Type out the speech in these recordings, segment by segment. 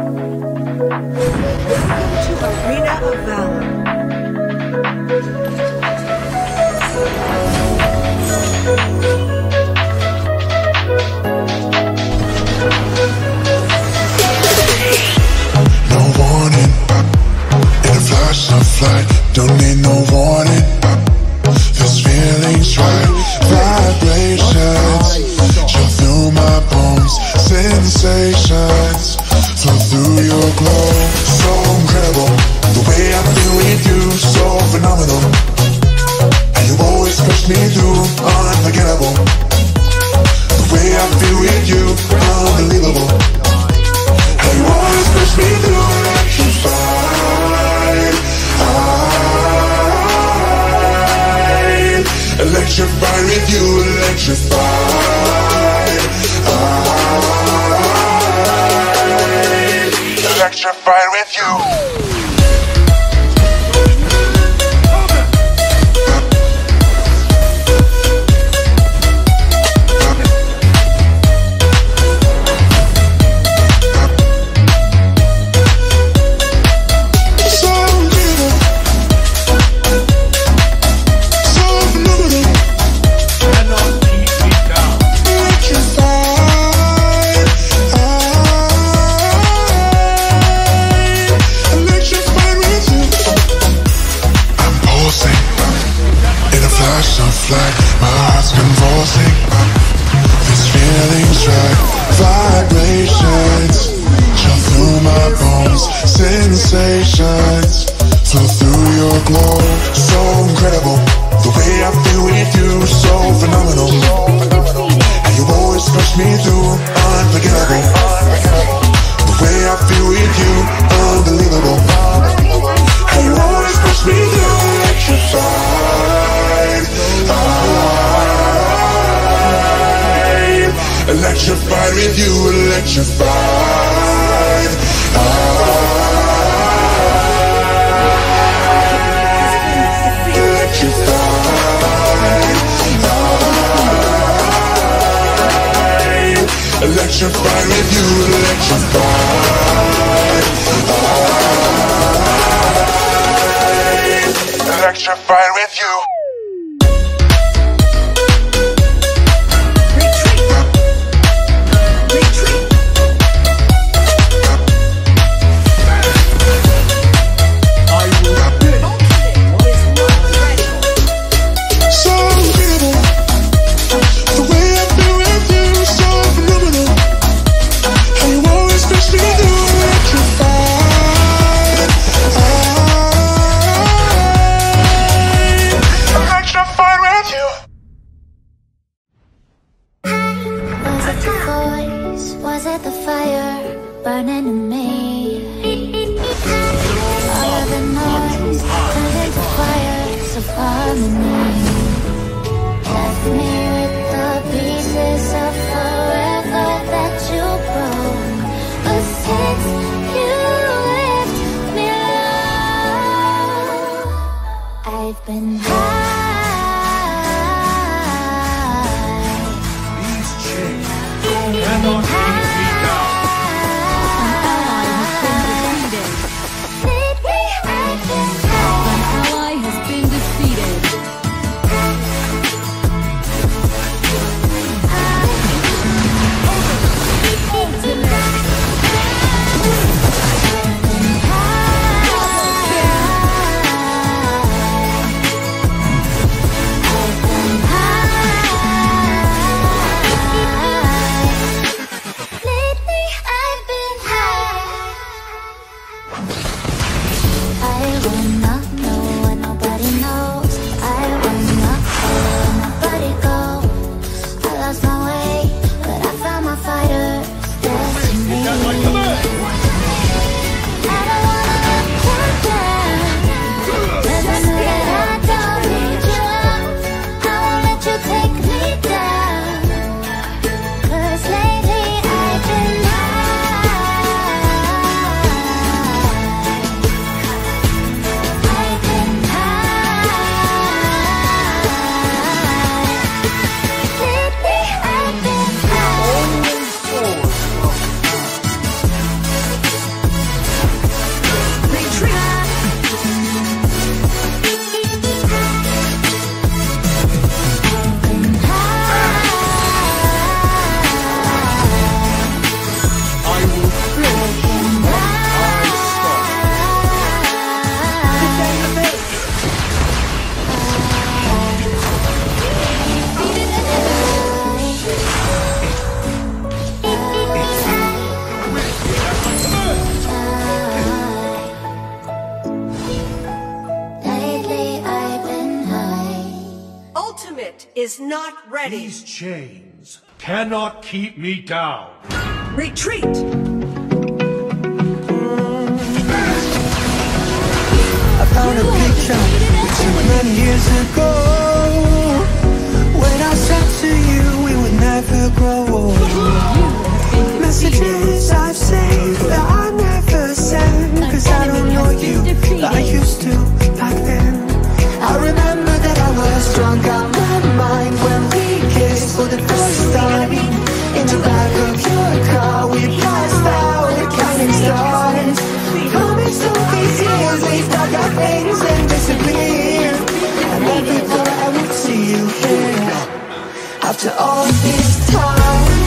To Arena of Valor. No warning, in a flash of light, don't need no warning. electrify with you electrify. I, electrify with you. Concentrate, vibrations Jump through my bones, sensations Flow through your glow, so incredible The way I feel with you, so phenomenal And you always push me through, unforgettable The way I feel with you, unbelievable breathe, you electrified. electrified. you, I, electrified with you. happened. is not ready. These chains cannot keep me down. Retreat! I found a picture many years ago. When I said to you, we would never grow old. after all this time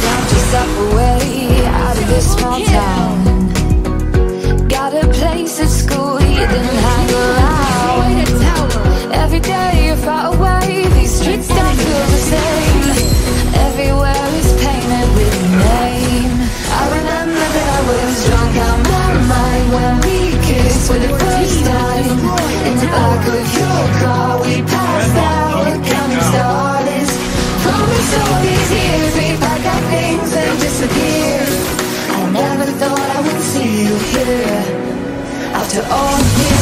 Found yourself out of this small town all these years we pack our things and disappear I never thought I would see you here After all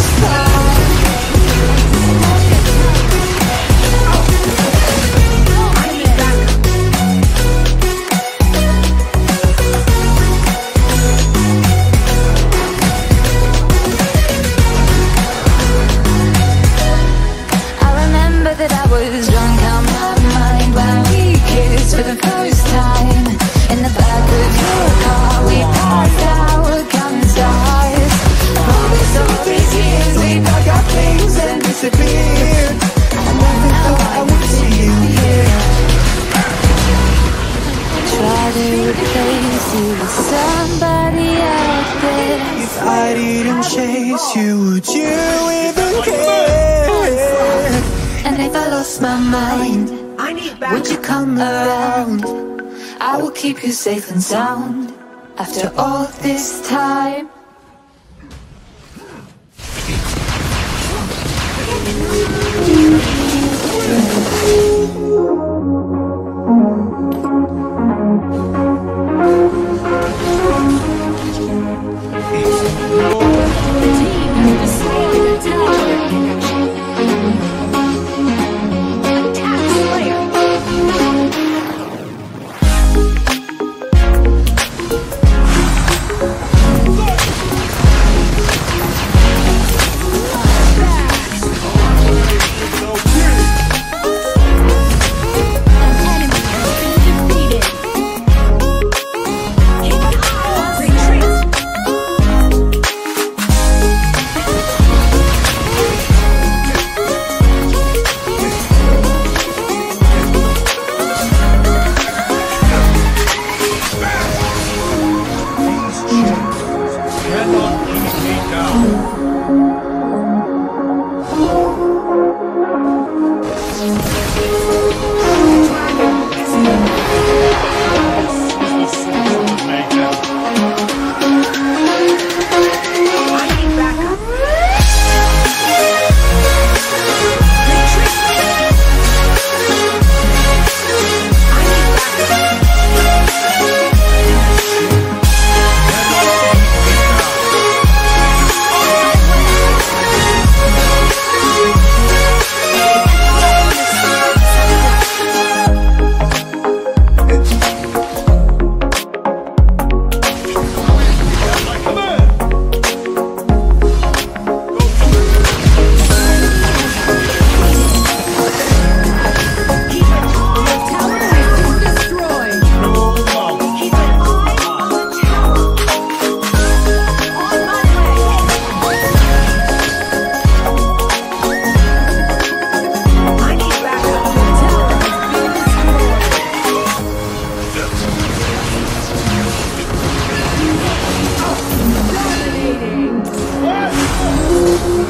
chase you, would you even care? And if I lost my mind, would you come around? I will keep you safe and sound after all this time.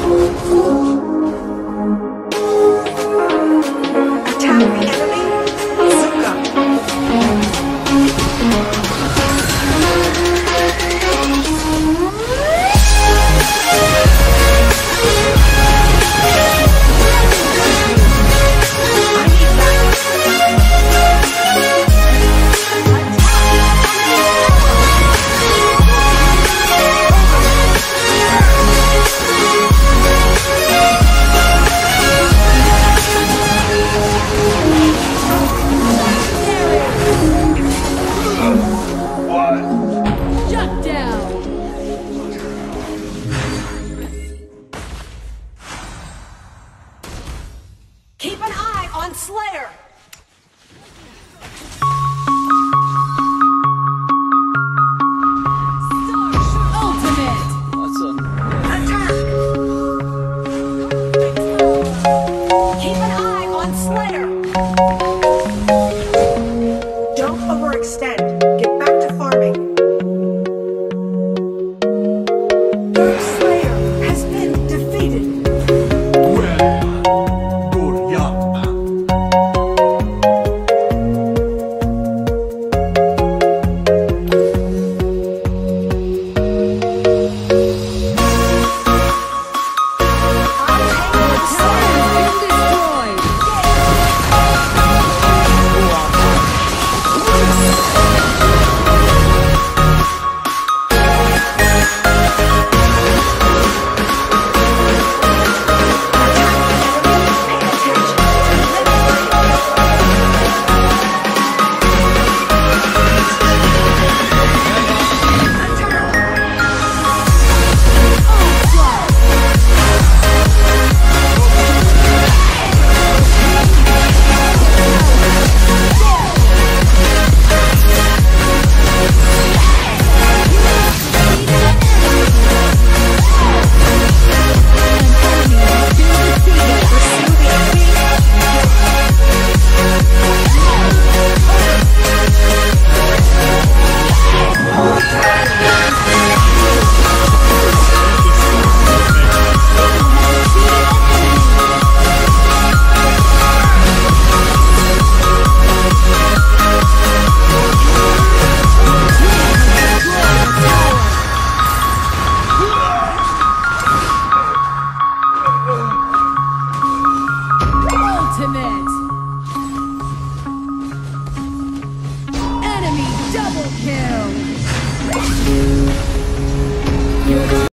Música